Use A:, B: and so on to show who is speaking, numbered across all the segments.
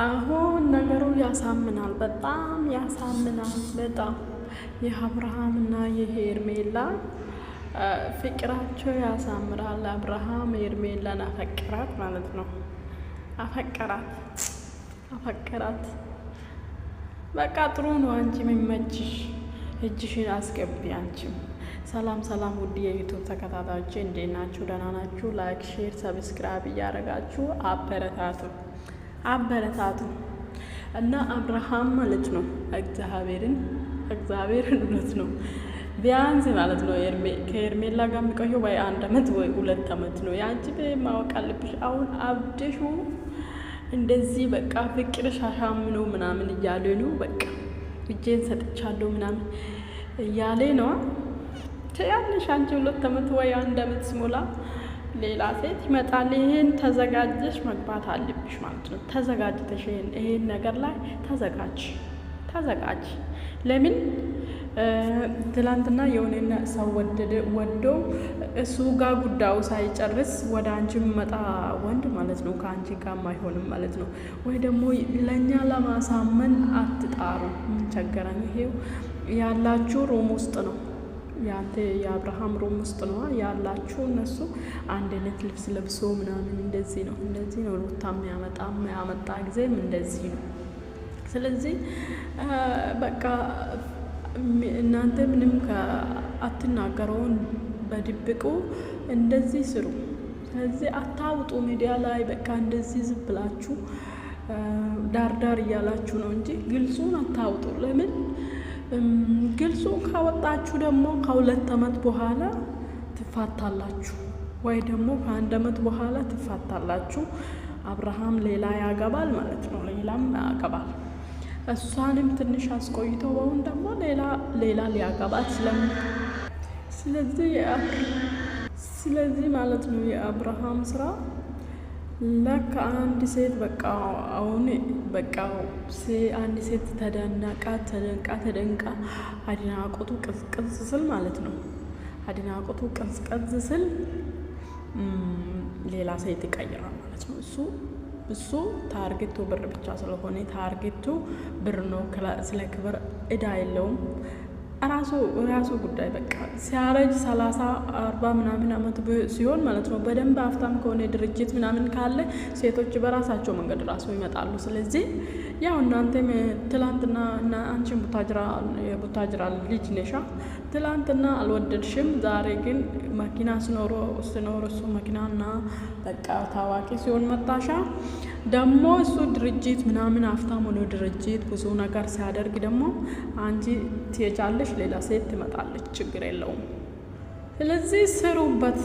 A: አሁን ነገሩ ያሳምናል፣ በጣም ያሳምናል። በጣም የአብርሃም እና የሄርሜላ ፍቅራቸው ያሳምራል። አብርሃም ሄርሜላን አፈቀራት ማለት ነው። አፈቀራት አፈቀራት። በቃ ጥሩ ነው። አንቺ የሚመችሽ እጅሽን አስገቢ። አንቺም ሰላም ሰላም፣ ውድ የዩቱብ ተከታታዮች እንዴት ናችሁ? ደህና ናችሁ? ላይክ፣ ሼር፣ ሰብስክራይብ እያደረጋችሁ አበረታቱ። አበረታቱ እና አብርሃም ማለት ነው እግዚአብሔርን እግዚአብሔርን እውነት ነው ቢያንስ ማለት ነው ከኤርሜላ ጋር የሚቆየው ወይ አንድ አመት ወይ ሁለት አመት ነው። የአንቺ ማወቅ አለብሽ። አሁን አብድሹ እንደዚህ በቃ ፍቅር ሻሻም ነው ምናምን እያለ ነው በቃ እጄን ሰጥቻለሁ ምናምን እያለ ነው። ትያለሽ አንቺ ሁለት አመት ወይ አንድ አመት ስሞላ ሌላ ሴት ይመጣል። ይህን ተዘጋጀሽ መግባት አለብሽ ማለት ነው። ተዘጋጅተሽ ይህን ነገር ላይ ተዘጋጅ ተዘጋጅ። ለምን ትላንትና የሆነና ሰው ወደደ ወዶ እሱ ጋር ጉዳዩ ሳይጨርስ ወደ አንቺ መጣ ወንድ ማለት ነው። ከአንቺ ጋር አይሆንም ማለት ነው። ወይ ደግሞ ለእኛ ለማሳመን አትጣሩ። ምን ቸገረን? ይሄው ያላችሁ ሮም ውስጥ ነው ያንተ የአብርሃም ሮም ውስጥ ነዋ ያላችሁ እነሱ አንድ አይነት ልብስ ለብሶ ምናምን እንደዚህ ነው እንደዚህ ነው ሩታ የሚያመጣ የሚያመጣ ጊዜም እንደዚህ ነው። ስለዚህ በቃ እናንተ ምንም አትናገረውን በድብቁ እንደዚህ ስሩ። ስለዚህ አታውጡ ሚዲያ ላይ በቃ እንደዚህ ዝም ብላችሁ ዳርዳር እያላችሁ ነው እንጂ ግልጹን አታውጡ። ለምን ግልጹ ካወጣችሁ ደግሞ ከሁለት ዓመት በኋላ ትፋታላችሁ ወይ ደግሞ ከአንድ ዓመት በኋላ ትፋታላችሁ። አብርሃም ሌላ ያገባል ማለት ነው። ሌላም ያገባል። እሷንም ትንሽ አስቆይቶ በሁን ደግሞ ሌላ ሌላ ሊያገባት ስለሚ ስለዚህ ስለዚህ ማለት ነው የአብርሃም ስራ ለካ አንድ ሴት በቃ አሁን በቃ አንድ ሴት ተደናቃ ተደንቃ ተደንቃ አድናቆቱ ቅዝቅዝ ስል ማለት ነው። አድናቆቱ ቅዝቅዝ ስል ሌላ ሴት ይቀይራል ማለት ነው። እሱ እሱ ታርጌቱ ብር ብቻ ስለሆነ ታርጌቱ ብር ነው። ስለ ክብር እዳ የለውም። ራሱ ራሱ ጉዳይ በቃ ሲያረጅ ሰላሳ አርባ ምናምን አመት ሲሆን ማለት ነው። በደንብ ሀብታም ከሆነ ድርጅት ምናምን ካለ ሴቶች በራሳቸው መንገድ ራሱ ይመጣሉ። ስለዚህ ያው እናንተ ትላንትና እና አንቺን ቡታጅራ ልጅ ነሻ ትላንትና አልወደድሽም። ዛሬ ግን መኪና ስኖሮ ስኖር እሱ መኪናና በቃ ታዋቂ ሲሆን መጣሻ ደግሞ እሱ ድርጅት ምናምን ሀብታም ሆኖ ድርጅት ብዙ ነገር ሲያደርግ ደግሞ አንቺ ትሄጃለሽ፣ ሌላ ሴት ትመጣለች፣ ችግር የለውም። ስለዚህ ስሩበት፣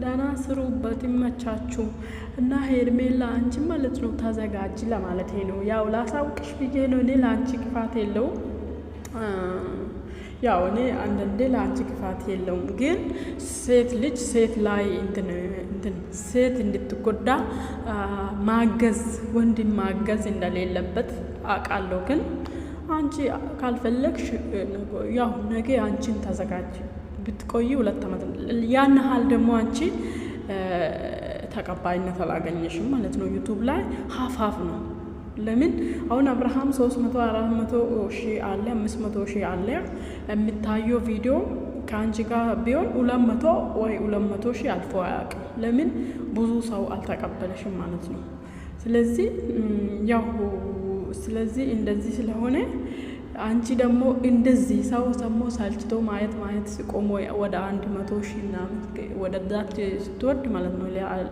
A: ደህና ስሩበት፣ ይመቻችሁ እና ሄርሜላ አንቺ ማለት ነው ተዘጋጅ ለማለት ነው። ያው ላሳውቅሽ ብዬ ነው፣ እኔ ለአንቺ ክፋት የለውም። ያው እኔ አንዳንዴ ለአንቺ ክፋት የለውም፣ ግን ሴት ልጅ ሴት ላይ ሴት እንድትጎዳ ማገዝ ወንድ ማገዝ እንደሌለበት አውቃለሁ። ግን አንቺ ካልፈለግሽ ያው ነገ አንቺን ተዘጋጅ ብትቆይ ሁለት ዓመት ያን ያህል ደግሞ አንቺ ተቀባይነት አላገኘሽም ማለት ነው። ዩቱብ ላይ ሀፍ ሀፍ ነው። ለምን አሁን አብርሃም ሶስት መቶ አራት አለ አምስት መቶ ሺህ አለ የሚታየው ቪዲዮ ከአንቺ ጋር ቢሆን ሁለት ወይ ሁለት መቶ ሺህ አልፎ አያውቅም። ለምን ብዙ ሰው አልተቀበለሽም ማለት ነው። ስለዚህ ያው ስለዚህ እንደዚህ ስለሆነ አንቺ ደግሞ እንደዚህ ሰው ሰሞ ሳልችቶ ማየት ማየት ሲቆሞ ወደ አንድ መቶ ሺህ ምናምን ወደ ዛች ስትወድ ማለት ነው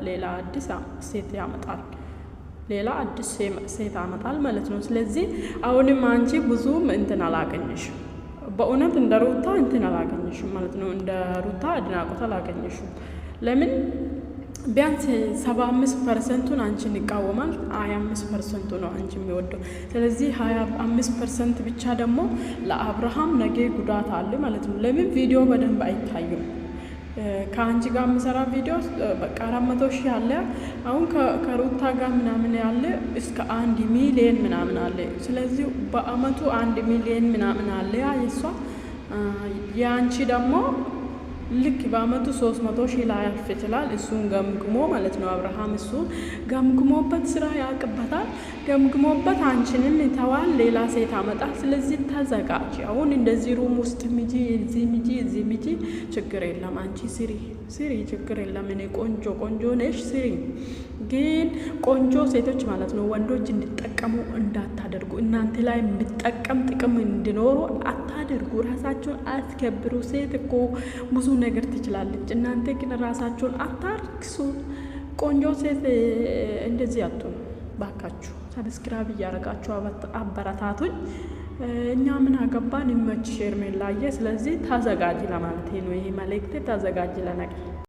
A: ሌላ አዲስ ሴት ያመጣል። ሌላ አዲስ ሴት አመጣል ማለት ነው። ስለዚህ አሁንም አንቺ ብዙም እንትን አላገኘሽም፣ በእውነት እንደ ሩታ እንትን አላገኘሽም ማለት ነው። እንደ ሩታ አድናቆት አላገኘሽም። ለምን ቢያንስ ሰባ አምስት ፐርሰንቱን አንቺን ይቃወማል፣ ሀያ አምስት ፐርሰንቱ ነው አንቺ የሚወደው። ስለዚህ ሀያ አምስት ፐርሰንት ብቻ ደግሞ ለአብርሃም ነገ ጉዳት አለ ማለት ነው። ለምን ቪዲዮ በደንብ አይታዩም? ከአንቺ ጋር የምሰራ ቪዲዮ በቃ አራት መቶ ሺህ አለ። አሁን ከሩታ ጋር ምናምን ያለ እስከ አንድ ሚሊየን ምናምን አለ። ስለዚህ በአመቱ አንድ ሚሊየን ምናምን አለ የእሷ የአንቺ ደግሞ ልክ በአመቱ ሶስት መቶ ሺህ ላያልፍ ይችላል። እሱን ገምግሞ ማለት ነው አብርሃም እሱ ገምግሞበት ስራ ያቅበታል። ገምግሞበት አንቺንም ይተዋል፣ ሌላ ሴት አመጣል። ስለዚህ ተዘጋጅ። አሁን እንደዚህ ሩም ውስጥ ምጂ፣ እዚህ ምጂ፣ እዚህ ምጂ፣ ችግር የለም አንቺ ስሪ ስሪ፣ ችግር የለም እኔ ቆንጆ ቆንጆ ነሽ ስሪ። ግን ቆንጆ ሴቶች ማለት ነው ወንዶች እንዲጠቀሙ እንዳታደርጉ፣ እናንተ ላይ የሚጠቀም ጥቅም እንዲኖሩ አታደርጉ። ራሳችሁን አስከብሩ። ሴት እኮ ብዙ ነገር ትችላለች። እናንተ ግን ራሳችሁን አታርክሱ። ቆንጆ ሴት እንደዚህ አትሆኑ ባካችሁ። ሰብስክራይብ እያደረጋችሁ አበረታቱኝ። እኛ ምን አገባን? ይመችሽ ሄርሜላዬ። ስለዚህ ታዘጋጅ ለማለት ነው ይሄ መልእክት። ታዘጋጅ ለነገ